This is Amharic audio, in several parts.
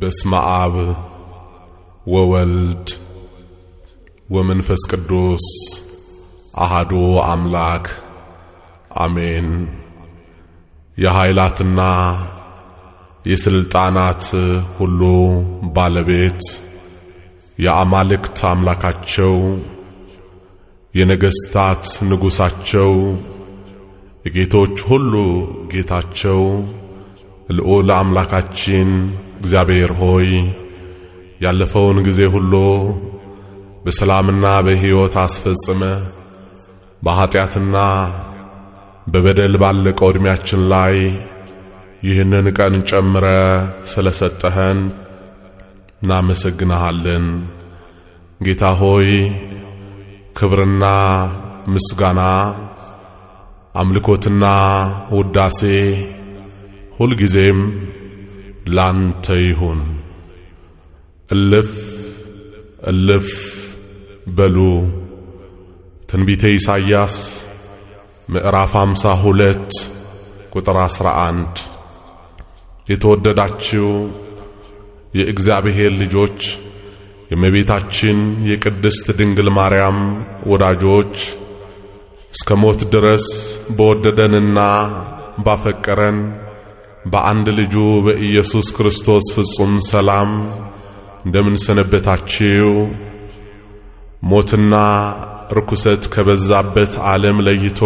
በስመ አብ ወወልድ ወመንፈስ ቅዱስ አሃዶ አምላክ አሜን። የኃይላትና የስልጣናት ሁሉ ባለቤት የአማልክት አምላካቸው የነገስታት ንጉሳቸው የጌቶች ሁሉ ጌታቸው ልዑል አምላካችን እግዚአብሔር ሆይ ያለፈውን ጊዜ ሁሉ በሰላምና በሕይወት አስፈጽመ በኀጢአትና በበደል ባለቀው ዕድሜያችን ላይ ይህንን ቀን ጨምረ ስለ ሰጠኸን እናመሰግንሃለን። ጌታ ሆይ ክብርና ምስጋና አምልኮትና ውዳሴ ሁልጊዜም ላንተ ይሁን። እልፍ እልፍ በሉ። ትንቢተ ኢሳይያስ ምዕራፍ 52 ቁጥር 11 የተወደዳችው የእግዚአብሔር ልጆች የእመቤታችን የቅድስት ድንግል ማርያም ወዳጆች እስከ ሞት ድረስ በወደደንና ባፈቀረን በአንድ ልጁ በኢየሱስ ክርስቶስ ፍጹም ሰላም እንደምን ሰነበታችሁ? ሞትና ርኩሰት ከበዛበት ዓለም ለይቶ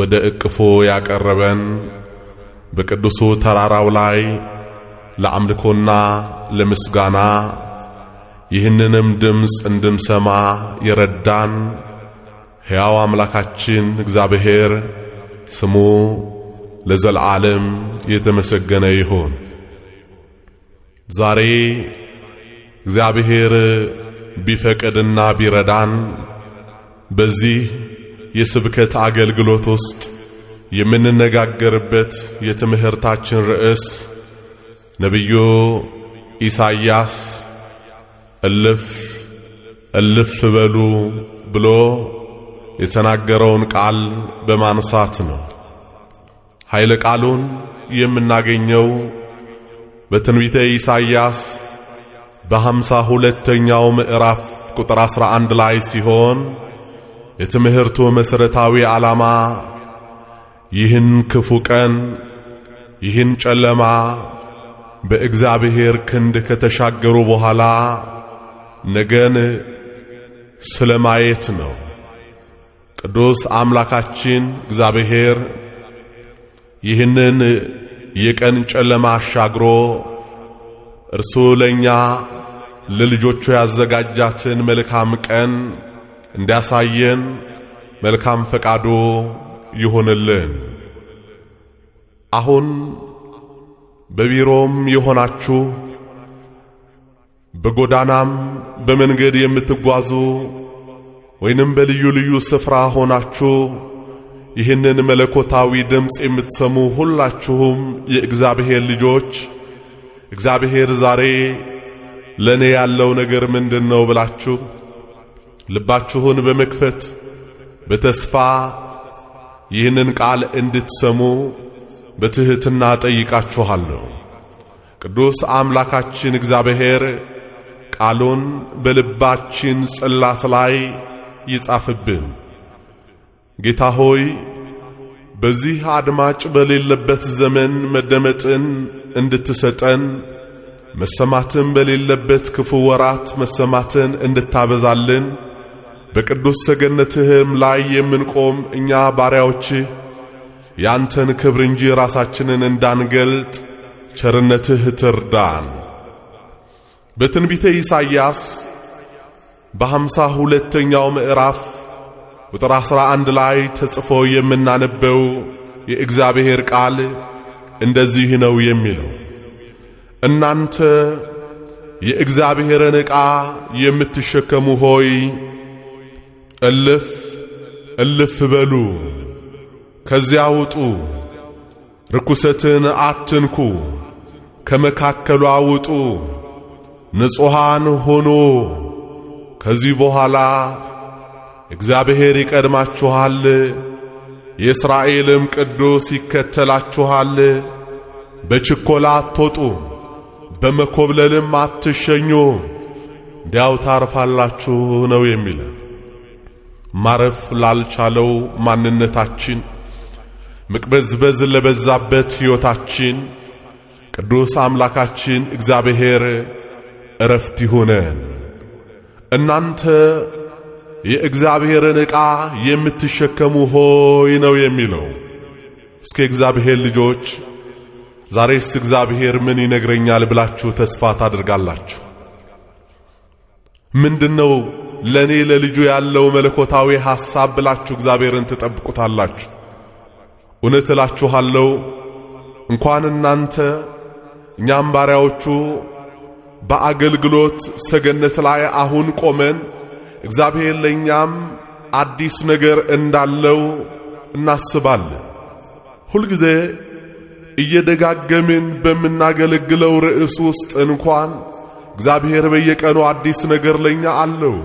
ወደ እቅፉ ያቀረበን በቅዱሱ ተራራው ላይ ለአምልኮና ለምስጋና ይህንንም ድምፅ እንድንሰማ የረዳን ሕያው አምላካችን እግዚአብሔር ስሙ ለዘልዓለም የተመሰገነ ይሁን። ዛሬ እግዚአብሔር ቢፈቅድና ቢረዳን በዚህ የስብከት አገልግሎት ውስጥ የምንነጋገርበት የትምህርታችን ርዕስ ነቢዩ ኢሳይያስ እልፍ እልፍ በሉ ብሎ የተናገረውን ቃል በማንሳት ነው። ኃይለ ቃሉን የምናገኘው በትንቢተ ኢሳይያስ በሃምሳ ሁለተኛው ምዕራፍ ቁጥር 11 ላይ ሲሆን የትምህርቱ መሠረታዊ ዓላማ ይህን ክፉ ቀን ይህን ጨለማ በእግዚአብሔር ክንድ ከተሻገሩ በኋላ ነገን ስለማየት ነው። ቅዱስ አምላካችን እግዚአብሔር ይህንን የቀን ጨለማ አሻግሮ እርሱ ለእኛ ለልጆቹ ያዘጋጃትን መልካም ቀን እንዲያሳየን መልካም ፈቃዱ ይሆንልን። አሁን በቢሮም የሆናችሁ በጎዳናም በመንገድ የምትጓዙ ወይንም በልዩ ልዩ ስፍራ ሆናችሁ ይህንን መለኮታዊ ድምፅ የምትሰሙ ሁላችሁም የእግዚአብሔር ልጆች እግዚአብሔር ዛሬ ለእኔ ያለው ነገር ምንድን ነው ብላችሁ ልባችሁን በመክፈት በተስፋ ይህንን ቃል እንድትሰሙ በትሕትና ጠይቃችኋለሁ። ቅዱስ አምላካችን እግዚአብሔር ቃሉን በልባችን ጽላት ላይ ይጻፍብን። ጌታ ሆይ በዚህ አድማጭ በሌለበት ዘመን መደመጥን እንድትሰጠን መሰማትን በሌለበት ክፉ ወራት መሰማትን እንድታበዛልን በቅዱስ ሰገነትህም ላይ የምንቆም እኛ ባሪያዎችህ ያንተን ክብር እንጂ ራሳችንን እንዳንገልጥ ቸርነትህ ትርዳን። በትንቢተ ኢሳይያስ በሃምሳ ሁለተኛው ምዕራፍ ቁጥር አሥራ አንድ ላይ ተጽፎ የምናነበው የእግዚአብሔር ቃል እንደዚህ ነው የሚለው እናንተ የእግዚአብሔርን ዕቃ የምትሸከሙ ሆይ እልፍ እልፍ በሉ፣ ከዚያ ውጡ፣ ርኩሰትን አትንኩ፣ ከመካከሏ ውጡ፣ ንጹሐን ሆኖ ከዚህ በኋላ እግዚአብሔር ይቀድማችኋል፣ የእስራኤልም ቅዱስ ይከተላችኋል። በችኮላ አትወጡ፣ በመኮብለልም አትሸኙ ዲያው ታርፋላችሁ ነው የሚለን። ማረፍ ላልቻለው ማንነታችን፣ መቅበዝበዝ ለበዛበት ሕይወታችን ቅዱስ አምላካችን እግዚአብሔር እረፍት ይሁነን። እናንተ የእግዚአብሔርን ዕቃ የምትሸከሙ ሆይ ነው የሚለው። እስከ እግዚአብሔር ልጆች ዛሬስ እግዚአብሔር ምን ይነግረኛል ብላችሁ ተስፋ ታደርጋላችሁ? ምንድነው ለኔ ለልጁ ያለው መለኮታዊ ሐሳብ ብላችሁ እግዚአብሔርን ትጠብቁታላችሁ? እውነት እላችኋለሁ እንኳን እናንተ እኛም ባሪያዎቹ በአገልግሎት ሰገነት ላይ አሁን ቆመን እግዚአብሔር ለእኛም አዲስ ነገር እንዳለው እናስባለን። ሁልጊዜ እየደጋገምን በምናገለግለው ርዕስ ውስጥ እንኳን እግዚአብሔር በየቀኑ አዲስ ነገር ለእኛ አለው።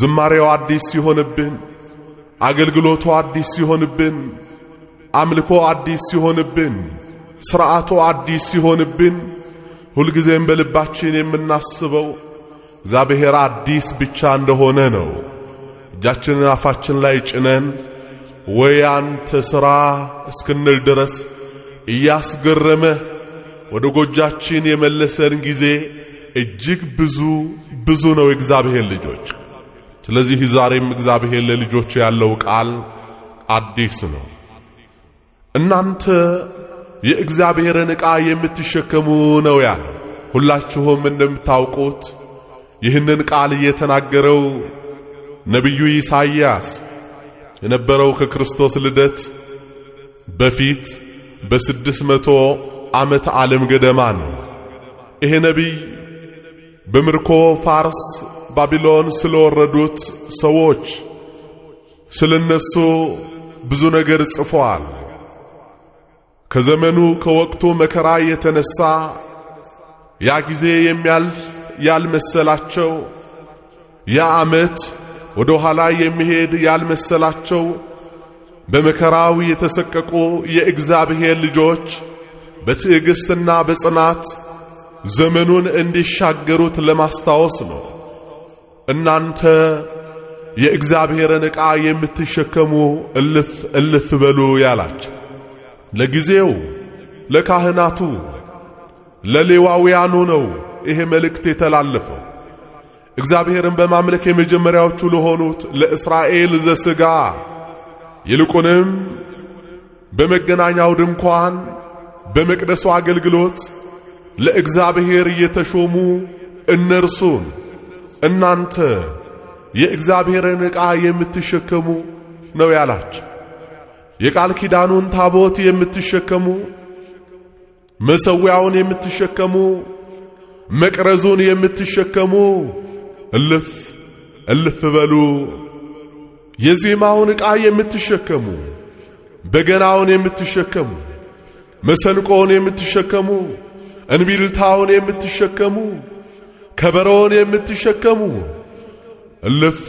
ዝማሬው አዲስ ሲሆንብን፣ አገልግሎቱ አዲስ ሲሆንብን፣ አምልኮ አዲስ ሲሆንብን፣ ሥርዓቱ አዲስ ሲሆንብን፣ ሁልጊዜም በልባችን የምናስበው እግዚአብሔር አዲስ ብቻ እንደሆነ ነው። እጃችንን አፋችን ላይ ጭነን ወይ አንተ ሥራ እስክንል ድረስ እያስገረመ ወደ ጎጃችን የመለሰን ጊዜ እጅግ ብዙ ብዙ ነው የእግዚአብሔር ልጆች። ስለዚህ ዛሬም እግዚአብሔር ለልጆች ያለው ቃል አዲስ ነው። እናንተ የእግዚአብሔርን ዕቃ የምትሸከሙ ነው ያለ። ሁላችሁም እንደምታውቁት ይህንን ቃል የተናገረው ነቢዩ ኢሳይያስ የነበረው ከክርስቶስ ልደት በፊት በስድስት መቶ ዓመት ዓለም ገደማ ነው። ይሄ ነቢይ በምርኮ ፋርስ፣ ባቢሎን ስለወረዱት ሰዎች ስለነሱ ብዙ ነገር ጽፏል። ከዘመኑ ከወቅቱ መከራ የተነሳ ያ ጊዜ የሚያልፍ ያልመሰላቸው ያ ወደ ኋላ የሚሄድ ያልመሰላቸው በመከራው የተሰቀቁ የእግዚአብሔር ልጆች በትዕግስትና በጽናት ዘመኑን እንዲሻገሩት ለማስታወስ ነው። እናንተ የእግዚአብሔርን ዕቃ የምትሸከሙ እልፍ እልፍ በሉ ያላቸው ለጊዜው ለካህናቱ ለሌዋውያኑ ነው። ይሄ መልእክት የተላለፈው። እግዚአብሔርን በማምለክ የመጀመሪያዎቹ ለሆኑት ለእስራኤል ዘስጋ ይልቁንም በመገናኛው ድንኳን በመቅደሱ አገልግሎት ለእግዚአብሔር የተሾሙ እነርሱን እናንተ የእግዚአብሔርን ዕቃ የምትሸከሙ ነው ያላቸው። የቃል ኪዳኑን ታቦት የምትሸከሙ፣ መሠዊያውን የምትሸከሙ መቅረዙን የምትሸከሙ እልፍ እልፍ በሉ። የዜማውን ዕቃ የምትሸከሙ፣ በገናውን የምትሸከሙ፣ መሰንቆውን የምትሸከሙ፣ እንቢልታውን የምትሸከሙ፣ ከበሮውን የምትሸከሙ እልፍ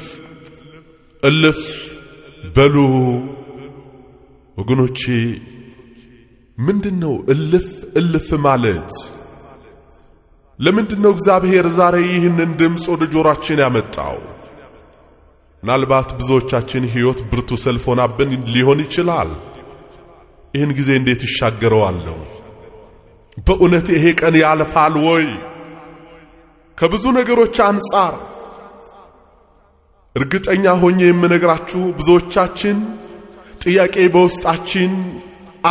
እልፍ በሉ። ወገኖቼ ምንድነው እልፍ እልፍ ማለት? ለምንድን ነው እግዚአብሔር ዛሬ ይህንን ድምፅ ወደ ጆሮአችን ያመጣው? ምናልባት ብዙዎቻችን ሕይወት ብርቱ ሰልፍ ሆናብን ሊሆን ይችላል። ይህን ጊዜ እንዴት ይሻገረዋለሁ? በእውነት ይሄ ቀን ያልፋል ወይ? ከብዙ ነገሮች አንጻር እርግጠኛ ሆኜ የምነግራችሁ ብዙዎቻችን ጥያቄ በውስጣችን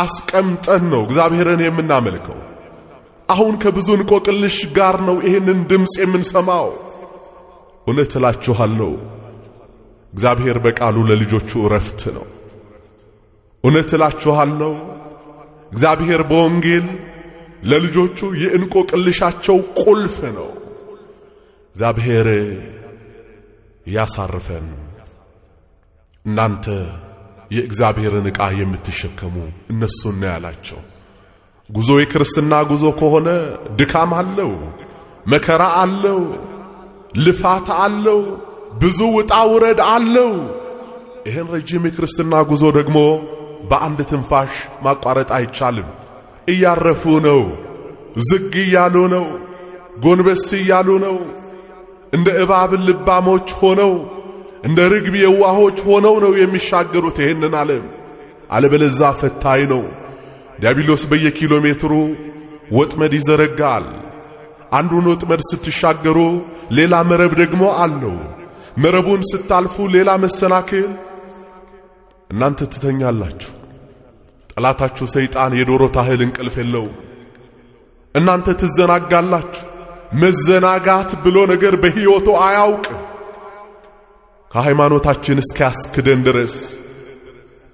አስቀምጠን ነው እግዚአብሔርን የምናመልከው። አሁን ከብዙ እንቆቅልሽ ጋር ነው ይህንን ድምፅ የምንሰማው። እውነት እላችኋለሁ እግዚአብሔር በቃሉ ለልጆቹ እረፍት ነው። እውነት እላችኋለሁ እግዚአብሔር በወንጌል ለልጆቹ የእንቆቅልሻቸው ቁልፍ ነው። እግዚአብሔር ያሳርፈን። እናንተ የእግዚአብሔርን ዕቃ የምትሸከሙ እነሱና ያላቸው ጉዞ የክርስትና ጉዞ ከሆነ ድካም አለው፣ መከራ አለው፣ ልፋት አለው፣ ብዙ ውጣ ውረድ አለው። ይህን ረጅም የክርስትና ጉዞ ደግሞ በአንድ ትንፋሽ ማቋረጥ አይቻልም። እያረፉ ነው፣ ዝግ እያሉ ነው፣ ጎንበስ እያሉ ነው። እንደ እባብ ልባሞች ሆነው እንደ ርግብ የዋሆች ሆነው ነው የሚሻገሩት ይህንን ዓለም። አለበለዛ ፈታኝ ነው። ዲያብሎስ በየኪሎ ሜትሩ ወጥመድ ይዘረጋል። አንዱን ወጥመድ ስትሻገሩ ሌላ መረብ ደግሞ አለው። መረቡን ስታልፉ ሌላ መሰናክል እናንተ ትተኛላችሁ። ጠላታችሁ ሰይጣን የዶሮ ታህል እንቅልፍ የለው። እናንተ ትዘናጋላችሁ። መዘናጋት ብሎ ነገር በሕይወቱ አያውቅ ከሃይማኖታችን እስኪያስክደን ድረስ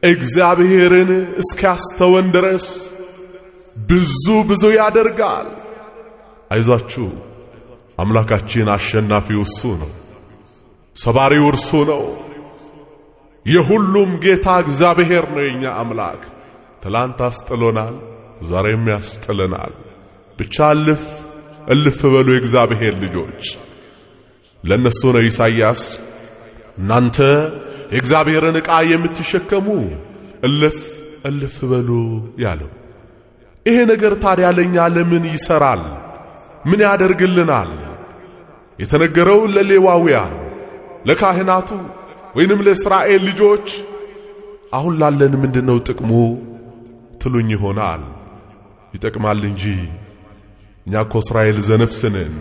እግዚአብሔርን እስኪያስተወን ድረስ ብዙ ብዙ ያደርጋል። አይዟችሁ፣ አምላካችን አሸናፊው እሱ ነው፣ ሰባሪው እርሱ ነው። የሁሉም ጌታ እግዚአብሔር ነው የኛ አምላክ። ትላንት አስጥሎናል፣ ዛሬም ያስጥለናል። ብቻ እልፍ እልፍ በሉ የእግዚአብሔር ልጆች። ለእነሱ ነው ኢሳይያስ እናንተ የእግዚአብሔርን ዕቃ የምትሸከሙ እልፍ እልፍ በሉ ያለው። ይሄ ነገር ታዲያ ለእኛ ለምን ይሠራል? ምን ያደርግልናል? የተነገረው ለሌዋውያን ለካህናቱ ወይንም ለእስራኤል ልጆች አሁን ላለን ምንድነው ጥቅሙ ትሉኝ ይሆናል። ይጠቅማል እንጂ እኛ እኮ እስራኤል ዘነፍስ ነን።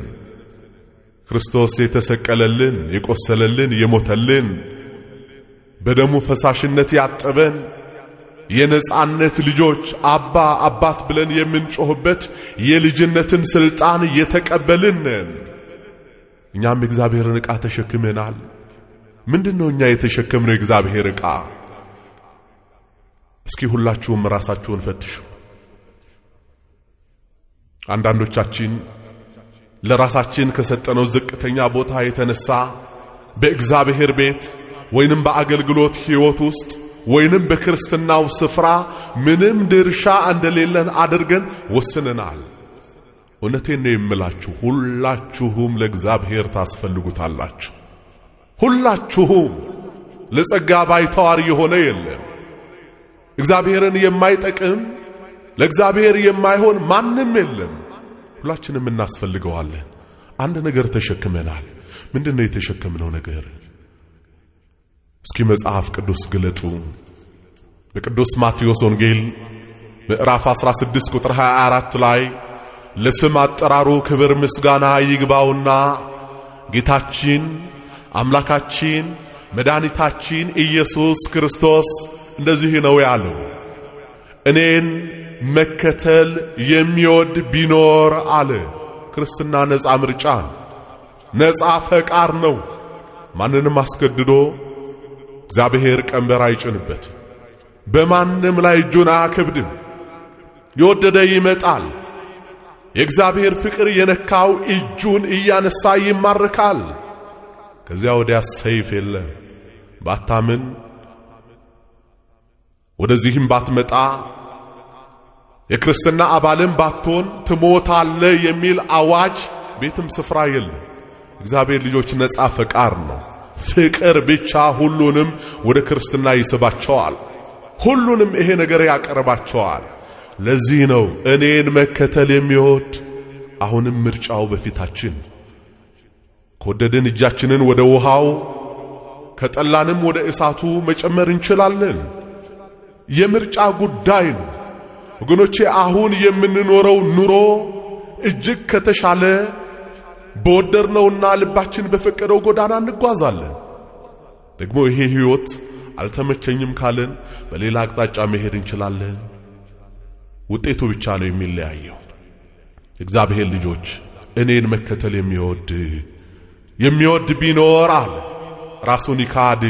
ክርስቶስ የተሰቀለልን፣ የቆሰለልን፣ የሞተልን በደሙ ፈሳሽነት ያጠበን የነጻነት ልጆች አባ አባት ብለን የምንጮህበት የልጅነትን ስልጣን የተቀበልን እኛም የእግዚአብሔርን ዕቃ ተሸክመናል። ምንድነው እኛ የተሸከምነው የእግዚአብሔር ዕቃ? እስኪ ሁላችሁም ራሳችሁን ፈትሹ። አንዳንዶቻችን ለራሳችን ከሰጠነው ዝቅተኛ ቦታ የተነሳ በእግዚአብሔር ቤት ወይንም በአገልግሎት ሕይወት ውስጥ ወይንም በክርስትናው ስፍራ ምንም ድርሻ እንደሌለን አድርገን ወስነናል። እውነቴን ነው የምላችሁ፣ ሁላችሁም ለእግዚአብሔር ታስፈልጉታላችሁ። ሁላችሁም ለጸጋ ባይተዋር የሆነ የለም። እግዚአብሔርን የማይጠቅም ለእግዚአብሔር የማይሆን ማንም የለም። ሁላችንም እናስፈልገዋለን። አንድ ነገር ተሸክመናል። ምንድን ነው የተሸከምነው ነገር? እስኪ መጽሐፍ ቅዱስ ግለጡ። በቅዱስ ማቴዎስ ወንጌል ምዕራፍ 16 ቁጥር 24 ላይ ለስም አጠራሩ ክብር ምስጋና ይግባውና ጌታችን አምላካችን መድኃኒታችን ኢየሱስ ክርስቶስ እንደዚህ ነው ያለው፣ እኔን መከተል የሚወድ ቢኖር አለ። ክርስትና ነፃ ምርጫ ነፃ ፈቃድ ነው። ማንንም አስገድዶ እግዚአብሔር ቀንበር አይጭንበት፣ በማንም ላይ እጁን አያከብድም። የወደደ ይመጣል። የእግዚአብሔር ፍቅር የነካው እጁን እያነሳ ይማርካል። ከዚያ ወዲያ ሰይፍ የለም። ባታምን ወደዚህም ባትመጣ የክርስትና አባልም ባትሆን ትሞታለህ የሚል አዋጅ ቤትም ስፍራ የለም። እግዚአብሔር ልጆች ነጻ ፈቃድ ነው። ፍቅር ብቻ ሁሉንም ወደ ክርስትና ይስባቸዋል። ሁሉንም ይሄ ነገር ያቀርባቸዋል። ለዚህ ነው እኔን መከተል የሚወድ አሁንም ምርጫው በፊታችን። ከወደድን እጃችንን ወደ ውሃው ከጠላንም ወደ እሳቱ መጨመር እንችላለን። የምርጫ ጉዳይ ነው ወገኖቼ። አሁን የምንኖረው ኑሮ እጅግ ከተሻለ በወደድነውና ልባችን በፈቀደው ጎዳና እንጓዛለን። ደግሞ ይሄ ሕይወት አልተመቸኝም ካለን በሌላ አቅጣጫ መሄድ እንችላለን። ውጤቱ ብቻ ነው የሚለያየው። እግዚአብሔር ልጆች እኔን መከተል የሚወድ የሚወድ ቢኖር አለ ራሱን ይካድ፣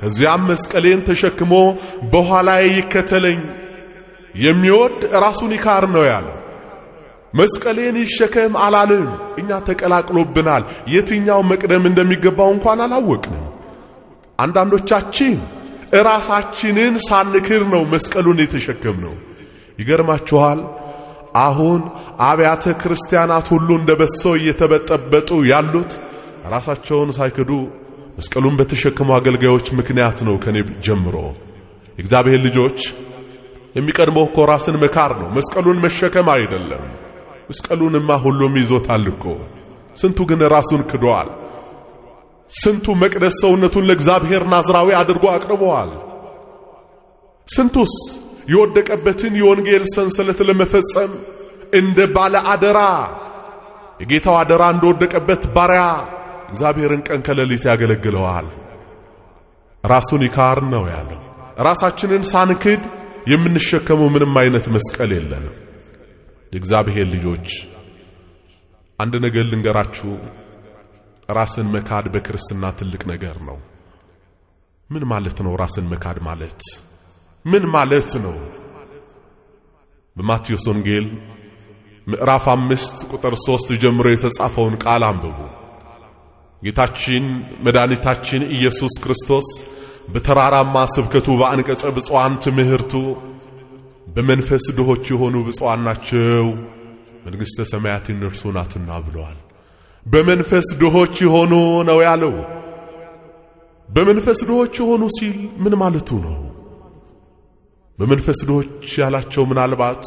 ከዚያም መስቀሌን ተሸክሞ በኋላዬ ይከተለኝ የሚወድ ራሱን ይካር ነው ያለው። መስቀሌን ይሸከም አላልም። እኛ ተቀላቅሎብናል። የትኛው መቅደም እንደሚገባው እንኳን አላወቅንም። አንዳንዶቻችን እራሳችንን ሳንክር ነው መስቀሉን የተሸከምነው። ይገርማችኋል። አሁን አብያተ ክርስቲያናት ሁሉ እንደ በሰው እየተበጠበጡ ያሉት ራሳቸውን ሳይክዱ መስቀሉን በተሸከሙ አገልጋዮች ምክንያት ነው። ከኔ ጀምሮ የእግዚአብሔር ልጆች የሚቀድመው እኮ ራስን መካር ነው፣ መስቀሉን መሸከም አይደለም። መስቀሉንማ ሁሉም ይዞታል እኮ። ስንቱ ግን ራሱን ክዷል። ስንቱ መቅደስ ሰውነቱን ለእግዚአብሔር ናዝራዊ አድርጎ አቅርበዋል። ስንቱስ የወደቀበትን የወንጌል ሰንሰለት ለመፈጸም እንደ ባለ አደራ የጌታው አደራ እንደወደቀበት ባሪያ እግዚአብሔርን ቀን ከሌሊት ያገለግለዋል። ራሱን ይካር ነው ያለው። ራሳችንን ሳንክድ የምንሸከመው ምንም አይነት መስቀል የለንም። የእግዚአብሔር ልጆች አንድ ነገር ልንገራችሁ። ራስን መካድ በክርስትና ትልቅ ነገር ነው። ምን ማለት ነው? ራስን መካድ ማለት ምን ማለት ነው? በማቴዎስ ወንጌል ምዕራፍ አምስት ቁጥር ሶስት ጀምሮ የተጻፈውን ቃል አንብቡ። ጌታችን መድኃኒታችን ኢየሱስ ክርስቶስ በተራራማ ስብከቱ በአንቀጸ ብፁዓን ትምህርቱ በመንፈስ ድሆች የሆኑ ብፁዓን ናቸው፣ መንግሥተ ሰማያት የእነርሱ ናትና ብለዋል። በመንፈስ ድሆች የሆኑ ነው ያለው። በመንፈስ ድሆች የሆኑ ሲል ምን ማለቱ ነው? በመንፈስ ድሆች ያላቸው ምናልባት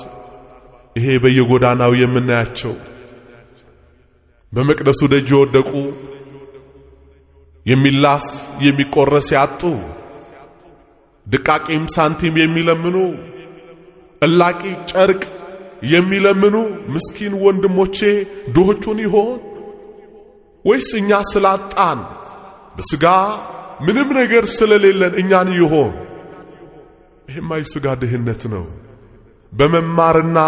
ይሄ በየጎዳናው የምናያቸው በመቅደሱ ደጅ የወደቁ የሚላስ የሚቆረስ ያጡ ድቃቂም ሳንቲም የሚለምኑ እላቂ ጨርቅ የሚለምኑ ምስኪን ወንድሞቼ ድሆቹን ይሆን ወይስ እኛ ስላጣን በስጋ ምንም ነገር ስለሌለን እኛን ይሆን? ይህማ የሥጋ ድህነት ነው። በመማርና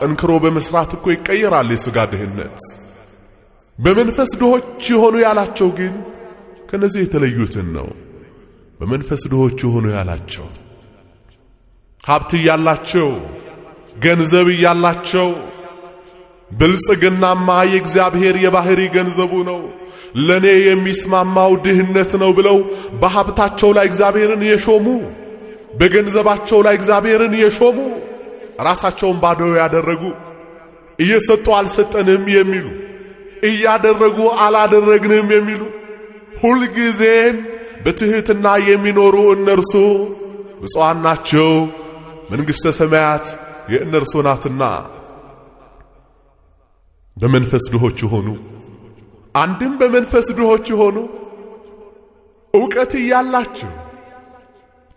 ጠንክሮ በመስራት እኮ ይቀየራል የስጋ ድህነት። በመንፈስ ድሆች የሆኑ ያላቸው ግን ከነዚህ የተለዩትን ነው። በመንፈስ ድሆች የሆኑ ያላቸው ሀብት እያላቸው ገንዘብ እያላቸው ብልጽግናማ የእግዚአብሔር የባህሪ ገንዘቡ ነው፣ ለኔ የሚስማማው ድህነት ነው ብለው በሀብታቸው ላይ እግዚአብሔርን የሾሙ በገንዘባቸው ላይ እግዚአብሔርን የሾሙ ራሳቸውን ባዶ ያደረጉ እየሰጡ አልሰጠንም የሚሉ እያደረጉ አላደረግንም የሚሉ ሁልጊዜም በትሕትና የሚኖሩ እነርሱ ብፁዓን ናቸው። መንግሥተ ሰማያት የእነርሱ ናትና በመንፈስ ድሆች ሆኑ። አንድም በመንፈስ ድሆች ሆኑ። ዕውቀት እያላቸው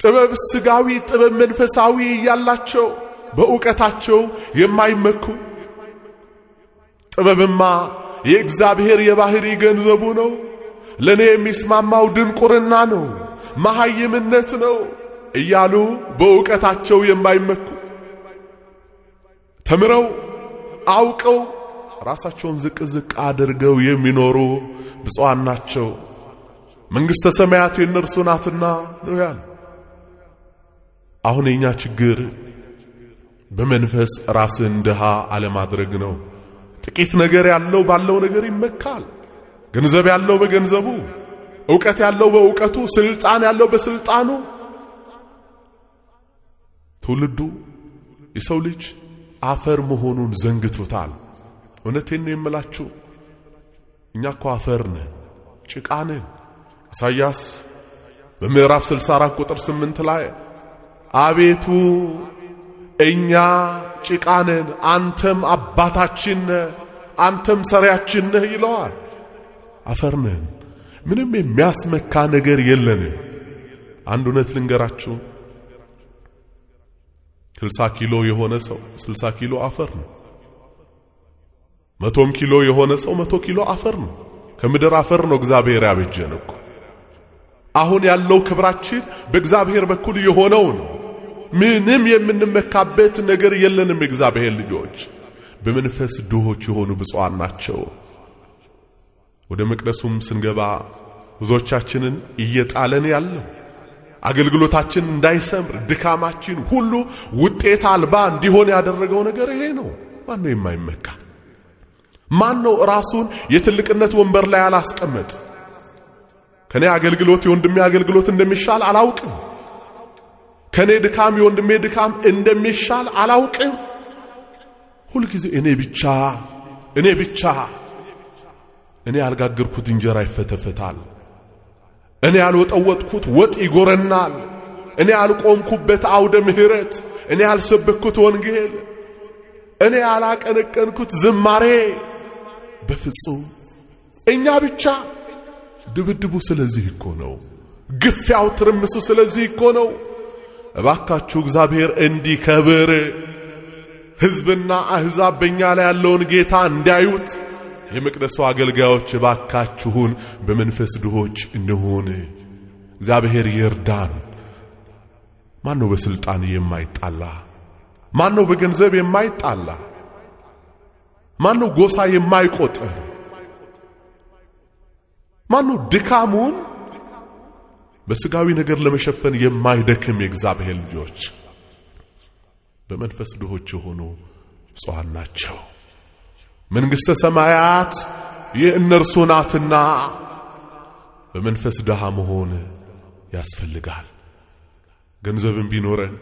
ጥበብ ስጋዊ፣ ጥበብ መንፈሳዊ እያላቸው በእውቀታቸው የማይመኩ ጥበብማ የእግዚአብሔር የባህሪ ገንዘቡ ነው። ለእኔ የሚስማማው ድንቁርና ነው፣ መሐይምነት ነው። እያሉ በእውቀታቸው የማይመኩ ተምረው አውቀው ራሳቸውን ዝቅ ዝቅ አድርገው የሚኖሩ ብፁዓን ናቸው፣ መንግሥተ ሰማያት የእነርሱ ናትና ነው ያለ። አሁን የኛ ችግር በመንፈስ ራስን ድሃ አለማድረግ ነው። ጥቂት ነገር ያለው ባለው ነገር ይመካል። ገንዘብ ያለው በገንዘቡ፣ እውቀት ያለው በእውቀቱ ስልጣን ያለው በስልጣኑ ትውልዱ የሰው ልጅ አፈር መሆኑን ዘንግቶታል። እውነቴን ነው የምላችሁ፣ እኛ እኮ አፈር ነን፣ ጭቃ ነን። ኢሳይያስ በምዕራፍ 64 ቁጥር 8 ላይ አቤቱ እኛ ጭቃ ነን፣ አንተም አባታችን ነህ፣ አንተም ሰሪያችን ነህ ይለዋል። አፈር ነን፣ ምንም የሚያስመካ ነገር የለንም። አንድ እውነት ልንገራችሁ 60 ኪሎ የሆነ ሰው 60 ኪሎ አፈር ነው። መቶም ኪሎ የሆነ ሰው መቶ ኪሎ አፈር ነው። ከምድር አፈር ነው እግዚአብሔር ያበጀን እኮ። አሁን ያለው ክብራችን በእግዚአብሔር በኩል የሆነው ነው። ምንም የምንመካበት ነገር የለንም። እግዚአብሔር ልጆች በመንፈስ ድሆች የሆኑ ብፁዓን ናቸው። ወደ መቅደሱም ስንገባ ብዙዎቻችንን እየጣለን ያለው አገልግሎታችን እንዳይሰምር ድካማችን ሁሉ ውጤት አልባ እንዲሆን ያደረገው ነገር ይሄ ነው። ማን ነው የማይመካ? ማን ነው ራሱን የትልቅነት ወንበር ላይ አላስቀመጥ? ከኔ አገልግሎት የወንድሜ አገልግሎት እንደሚሻል አላውቅም። ከኔ ድካም የወንድሜ ድካም እንደሚሻል አላውቅም። ሁልጊዜ እኔ ብቻ እኔ ብቻ እኔ ያልጋገርኩት እንጀራ ይፈተፈታል። እኔ ያልወጠወጥኩት ወጥ ይጎረናል። እኔ ያልቆምኩበት አውደ ምሕረት፣ እኔ ያልሰበክኩት ወንጌል፣ እኔ ያላቀነቀንኩት ዝማሬ በፍጹም እኛ ብቻ። ድብድቡ ስለዚህ እኮ ነው። ግፊያው ትርምሱ ስለዚህ እኮ ነው። እባካችሁ እግዚአብሔር እንዲከብር ሕዝብና አሕዛብ በእኛ ላይ ያለውን ጌታ እንዲያዩት የመቅደሱ አገልጋዮች እባካችሁን በመንፈስ ድሆች እንሆን፣ እግዚአብሔር ይርዳን። ማን ነው በስልጣን የማይጣላ? ማን ነው በገንዘብ የማይጣላ? ማን ነው ጎሳ የማይቆጥር? ማን ነው ድካሙን በስጋዊ ነገር ለመሸፈን የማይደክም? የእግዚአብሔር ልጆች በመንፈስ ድሆች የሆኑ ብፁዓን ናቸው። መንግሥተ ሰማያት የእነርሱ ናትና በመንፈስ ድሃ መሆን ያስፈልጋል። ገንዘብም ቢኖረን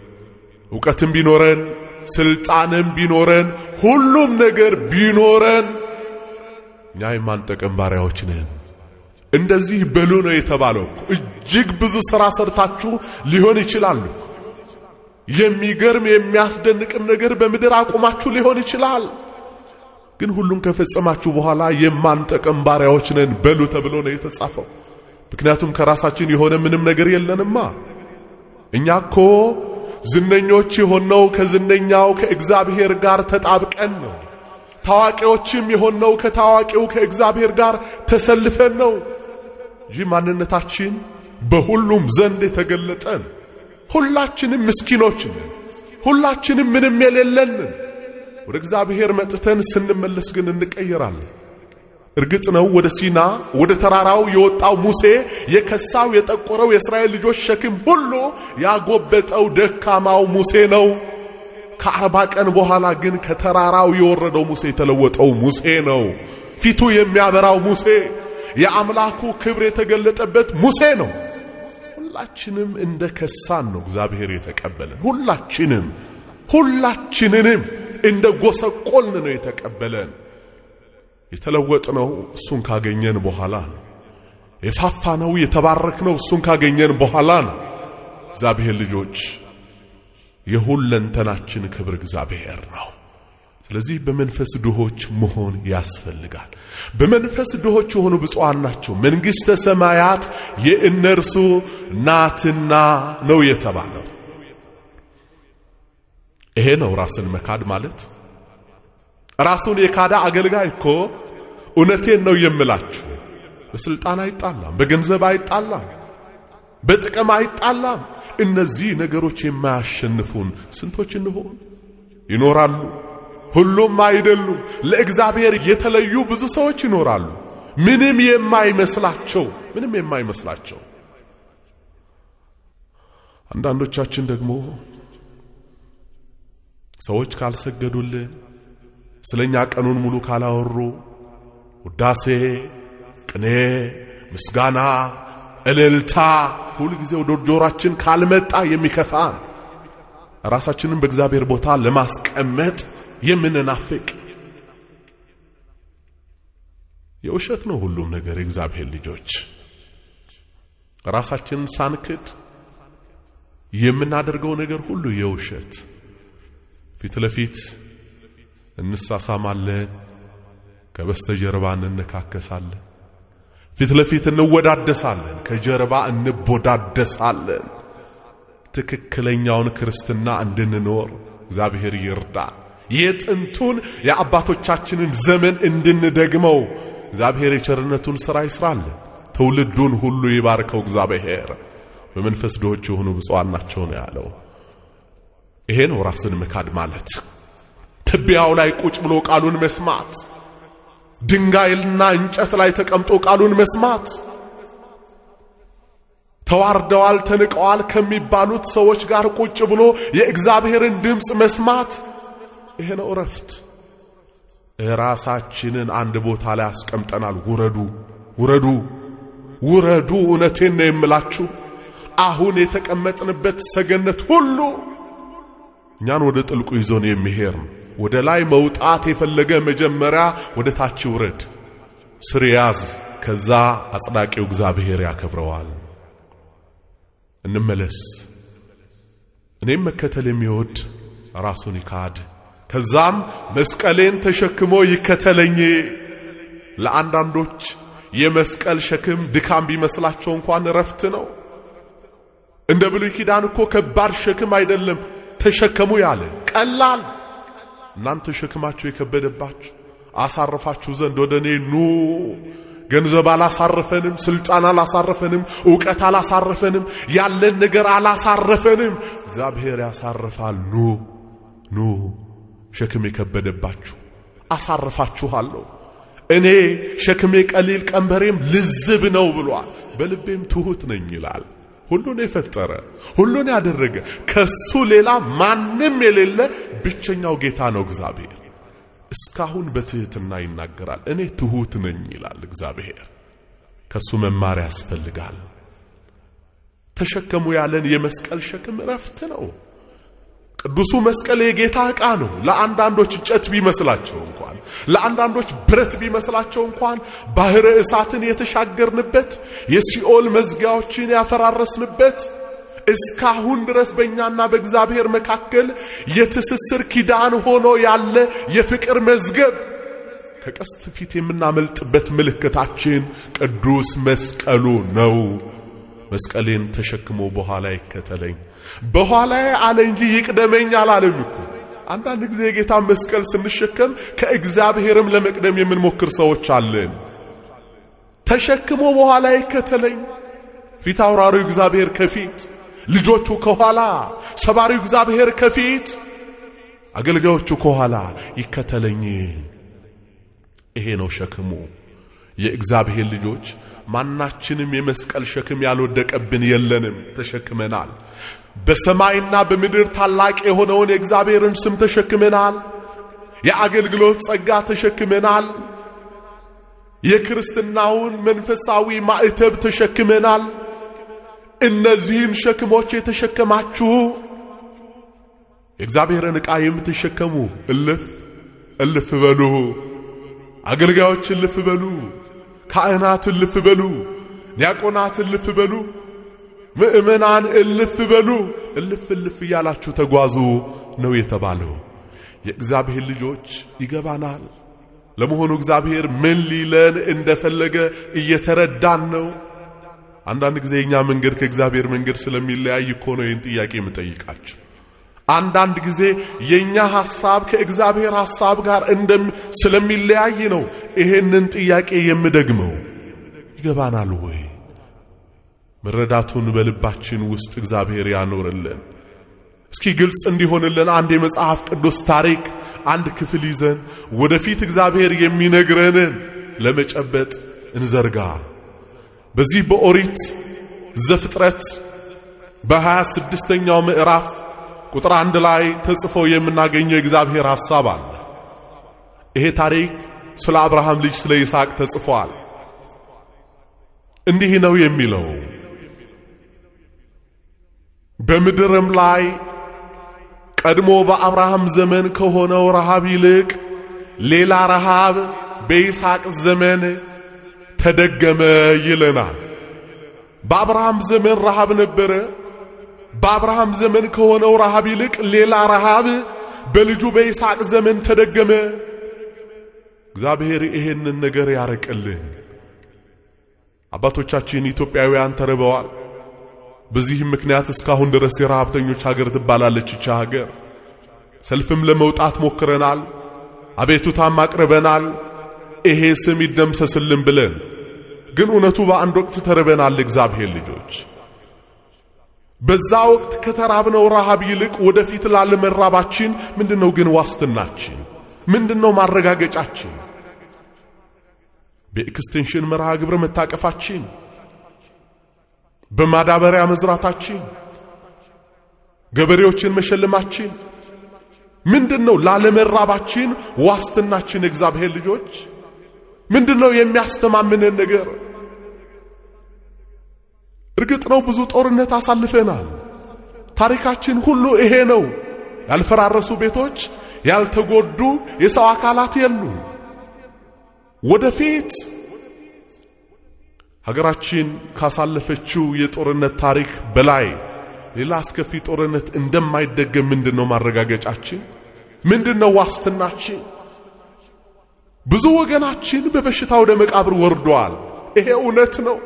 እውቀትም ቢኖረን ስልጣንም ቢኖረን ሁሉም ነገር ቢኖረን እኛ የማንጠቀም ባሪያዎች ነን። እንደዚህ በሉ ነው የተባለው። እጅግ ብዙ ሥራ ሰርታችሁ ሊሆን ይችላሉ። የሚገርም የሚያስደንቅም ነገር በምድር አቁማችሁ ሊሆን ይችላል። ግን ሁሉን ከፈጸማችሁ በኋላ የማንጠቅም ባሪያዎች ነን በሉ ተብሎ ነው የተጻፈው። ምክንያቱም ከራሳችን የሆነ ምንም ነገር የለንማ። እኛ እኮ ዝነኞች የሆነው ከዝነኛው ከእግዚአብሔር ጋር ተጣብቀን ነው። ታዋቂዎችም የሆነው ከታዋቂው ከእግዚአብሔር ጋር ተሰልፈን ነው እንጂ ማንነታችን በሁሉም ዘንድ የተገለጠን። ሁላችንም ምስኪኖች ነን። ሁላችንም ምንም የሌለንን ወደ እግዚአብሔር መጥተን ስንመለስ ግን እንቀየራለን። እርግጥ ነው ወደ ሲና ወደ ተራራው የወጣው ሙሴ የከሳው የጠቆረው የእስራኤል ልጆች ሸክም ሁሉ ያጎበጠው ደካማው ሙሴ ነው። ከአርባ ቀን በኋላ ግን ከተራራው የወረደው ሙሴ የተለወጠው ሙሴ ነው። ፊቱ የሚያበራው ሙሴ፣ የአምላኩ ክብር የተገለጠበት ሙሴ ነው። ሁላችንም እንደ ከሳን ነው እግዚአብሔር የተቀበለን። ሁላችንም ሁላችንንም እንደ ጎሰቆልን ነው የተቀበለን። የተለወጥነው እሱን ካገኘን በኋላ ነው። የፋፋነው የተባረክነው እሱን ካገኘን በኋላ ነው። እግዚአብሔር ልጆች፣ የሁለንተናችን ክብር እግዚአብሔር ነው። ስለዚህ በመንፈስ ድሆች መሆን ያስፈልጋል። በመንፈስ ድሆች የሆኑ ብፁዓን ናቸው፣ መንግሥተ ሰማያት የእነርሱ ናትና ነው የተባለው። ይሄ ነው ራስን መካድ ማለት። ራሱን የካዳ አገልጋይ እኮ እውነቴን ነው የምላችሁ፣ በስልጣን አይጣላም፣ በገንዘብ አይጣላም፣ በጥቅም አይጣላም። እነዚህ ነገሮች የማያሸንፉን ስንቶች እንሆን ይኖራሉ። ሁሉም አይደሉም። ለእግዚአብሔር የተለዩ ብዙ ሰዎች ይኖራሉ። ምንም የማይመስላቸው ምንም የማይመስላቸው አንዳንዶቻችን ደግሞ ሰዎች ካልሰገዱልን፣ ስለ እኛ ቀኑን ሙሉ ካላወሩ፣ ውዳሴ፣ ቅኔ፣ ምስጋና፣ እልልታ ሁልጊዜ ወደ ጆሯችን ካልመጣ የሚከፋ። ራሳችንን በእግዚአብሔር ቦታ ለማስቀመጥ የምንናፍቅ የውሸት ነው ሁሉም ነገር። የእግዚአብሔር ልጆች ራሳችንን ሳንክድ የምናደርገው ነገር ሁሉ የውሸት ፊት ለፊት እንሳሳማለን፣ ከበስተጀርባ እንነካከሳለን። ፊት ለፊት እንወዳደሳለን፣ ከጀርባ እንቦዳደሳለን። ትክክለኛውን ክርስትና እንድንኖር እግዚአብሔር ይርዳ። የጥንቱን የአባቶቻችንን ዘመን እንድንደግመው እግዚአብሔር የቸርነቱን ሥራ ይስራልን። ትውልዱን ሁሉ ይባርከው እግዚአብሔር። በመንፈስ ድሆች የሆኑ ብፁዓን ናቸው ነው ያለው። ይሄ ነው ራስን መካድ ማለት። ትቢያው ላይ ቁጭ ብሎ ቃሉን መስማት፣ ድንጋይና እንጨት ላይ ተቀምጦ ቃሉን መስማት፣ ተዋርደዋል ተንቀዋል ከሚባሉት ሰዎች ጋር ቁጭ ብሎ የእግዚአብሔርን ድምፅ መስማት፣ ይሄ ነው እረፍት። ራሳችንን አንድ ቦታ ላይ አስቀምጠናል። ውረዱ፣ ውረዱ፣ ውረዱ። እውነቴን ነው የምላችሁ አሁን የተቀመጥንበት ሰገነት ሁሉ እኛን ወደ ጥልቁ ይዞን የሚሄድ ወደ ላይ መውጣት የፈለገ መጀመሪያ ወደ ታች ውረድ፣ ስር ያዝ። ከዛ አጽዳቂው እግዚአብሔር ያከብረዋል። እንመለስ። እኔም መከተል የሚወድ ራሱን ይካድ፣ ከዛም መስቀሌን ተሸክሞ ይከተለኝ። ለአንዳንዶች የመስቀል ሸክም ድካም ቢመስላቸው እንኳን እረፍት ነው። እንደ ብሉይ ኪዳን እኮ ከባድ ሸክም አይደለም። ተሸከሙ ያለ ቀላል እናንተ ሸክማችሁ የከበደባችሁ አሳርፋችሁ ዘንድ ወደ እኔ ኑ። ገንዘብ አላሳረፈንም፣ ስልጣን አላሳረፈንም፣ እውቀት አላሳረፈንም፣ ያለን ነገር አላሳረፈንም። እግዚአብሔር ያሳርፋል። ኑ ኑ። ሸክም የከበደባችሁ አሳርፋችኋለሁ። እኔ ሸክሜ ቀሊል ቀንበሬም ልዝብ ነው ብሏል። በልቤም ትሑት ነኝ ይላል። ሁሉን የፈጠረ ሁሉን ያደረገ ከሱ ሌላ ማንም የሌለ ብቸኛው ጌታ ነው እግዚአብሔር። እስካሁን በትህትና ይናገራል። እኔ ትሁት ነኝ ይላል እግዚአብሔር። ከሱ መማር ያስፈልጋል። ተሸከሙ ያለን የመስቀል ሸክም እረፍት ነው። ቅዱሱ መስቀል የጌታ ዕቃ ነው። ለአንዳንዶች እንጨት ቢመስላቸው እንኳን ለአንዳንዶች ብረት ቢመስላቸው እንኳን ባህረ እሳትን የተሻገርንበት የሲኦል መዝጊያዎችን ያፈራረስንበት እስካሁን ድረስ በእኛና በእግዚአብሔር መካከል የትስስር ኪዳን ሆኖ ያለ የፍቅር መዝገብ ከቀስት ፊት የምናመልጥበት ምልክታችን ቅዱስ መስቀሉ ነው። መስቀሌን ተሸክሞ በኋላ ይከተለኝ በኋላ አለ እንጂ ይቅደመኝ አላለም እኮ። አንዳንድ ጊዜ የጌታ መስቀል ስንሸከም ከእግዚአብሔርም ለመቅደም የምንሞክር ሰዎች አለን። ተሸክሞ በኋላ ይከተለኝ፣ ፊት አውራሪው እግዚአብሔር ከፊት ልጆቹ ከኋላ፣ ሰባሪው እግዚአብሔር ከፊት አገልጋዮቹ ከኋላ ይከተለኝ። ይሄ ነው ሸክሙ። የእግዚአብሔር ልጆች ማናችንም የመስቀል ሸክም ያልወደቀብን የለንም፣ ተሸክመናል። በሰማይና በምድር ታላቅ የሆነውን የእግዚአብሔርን ስም ተሸክመናል። የአገልግሎት ጸጋ ተሸክመናል። የክርስትናውን መንፈሳዊ ማዕተብ ተሸክመናል። እነዚህን ሸክሞች የተሸከማችሁ የእግዚአብሔርን ዕቃ የምትሸከሙ እልፍ እልፍ በሉ። አገልጋዮች እልፍ በሉ። ካህናት እልፍ በሉ። ዲያቆናት እልፍ በሉ። ምእመናን እልፍ በሉ እልፍ እልፍ እያላችሁ ተጓዙ ነው የተባለው። የእግዚአብሔር ልጆች ይገባናል። ለመሆኑ እግዚአብሔር ምን ሊለን እንደፈለገ እየተረዳን ነው? አንዳንድ ጊዜ የኛ መንገድ ከእግዚአብሔር መንገድ ስለሚለያይ እኮ ነው ይህን ጥያቄ የምጠይቃችሁ። አንዳንድ ጊዜ የኛ ሐሳብ ከእግዚአብሔር ሐሳብ ጋር እንደም ስለሚለያይ ነው ይሄንን ጥያቄ የምደግመው። ይገባናል ወይ? መረዳቱን በልባችን ውስጥ እግዚአብሔር ያኖርልን። እስኪ ግልጽ እንዲሆንልን አንድ የመጽሐፍ ቅዱስ ታሪክ አንድ ክፍል ይዘን ወደፊት እግዚአብሔር የሚነግረንን ለመጨበጥ እንዘርጋ። በዚህ በኦሪት ዘፍጥረት በሃያ ስድስተኛው ምዕራፍ ቁጥር አንድ ላይ ተጽፎ የምናገኘው የእግዚአብሔር ሐሳብ አለ። ይሄ ታሪክ ስለ አብርሃም ልጅ ስለ ይስሐቅ ተጽፏል። እንዲህ ነው የሚለው በምድርም ላይ ቀድሞ በአብርሃም ዘመን ከሆነው ረሃብ ይልቅ ሌላ ረሃብ በይስሐቅ ዘመን ተደገመ ይለናል። በአብርሃም ዘመን ረሃብ ነበረ። በአብርሃም ዘመን ከሆነው ረሃብ ይልቅ ሌላ ረሃብ በልጁ በይስሐቅ ዘመን ተደገመ። እግዚአብሔር ይሄንን ነገር ያረቅልን። አባቶቻችን ኢትዮጵያውያን ተርበዋል። በዚህም ምክንያት እስካሁን ድረስ የረሃብተኞች ሀገር ትባላለች ይቺ ሀገር። ሰልፍም ለመውጣት ሞክረናል፣ አቤቱታም አቅርበናል። ይሄ ስም ይደምሰስልን ብለን ግን እውነቱ በአንድ ወቅት ተርበናል። እግዚአብሔር ልጆች በዛ ወቅት ከተራብነው ረሃብ ይልቅ ወደፊት ላለመራባችን ምንድነው ግን ዋስትናችን? ምንድነው ማረጋገጫችን? በኤክስቴንሽን መርሃ ግብር መታቀፋችን በማዳበሪያ መዝራታችን፣ ገበሬዎችን መሸለማችን ምንድን ነው? ላለመራባችን ዋስትናችን እግዚአብሔር ልጆች ምንድን ነው የሚያስተማምንን ነገር? እርግጥ ነው ብዙ ጦርነት አሳልፈናል። ታሪካችን ሁሉ ይሄ ነው። ያልፈራረሱ ቤቶች፣ ያልተጎዱ የሰው አካላት የሉ ወደፊት ሀገራችን ካሳለፈችው የጦርነት ታሪክ በላይ ሌላ አስከፊ ጦርነት እንደማይደገም ምንድን ነው ማረጋገጫችን? ምንድን ነው ዋስትናችን? ብዙ ወገናችን በበሽታ ወደ መቃብር ወርዷል ይሄ እውነት ነው።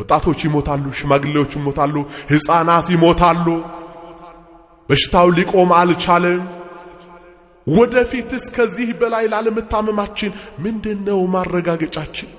ወጣቶች ይሞታሉ፣ ሽማግሌዎች ይሞታሉ፣ ሕፃናት ይሞታሉ። በሽታው ሊቆም አልቻለም። ወደፊትስ ከዚህ በላይ ላለመታመማችን ምንድን ነው ማረጋገጫችን?